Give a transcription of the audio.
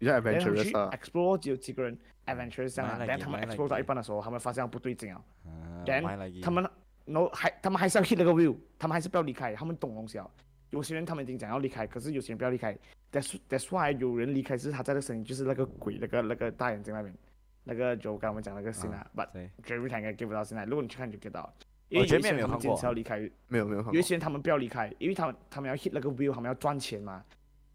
然後、啊、去 explore 只有幾個人 adventurous 啊，但、like like、他們 explore 到一半嘅時候，他們發現唔對勁啊。但、uh, like、他們，no 還，他們還是要 hit 那個 view，他們還是不要離開，他們懂東西啊。有些人他們已經講要離開，可是有些人不要離開。That's that's why 有人離開，是他在個聲音，就是那個鬼，mm. 那個那個大眼睛嗰邊，那個就我講，講那個 signal、uh, But Jeremy 他應該 get 唔到 signal，如果你去看就 get 到。我因為我有些人他們堅持要離開，沒有沒有。因為有些人他們不要離開，因為他們他們要 hit 那個 view，他們要賺錢嘛。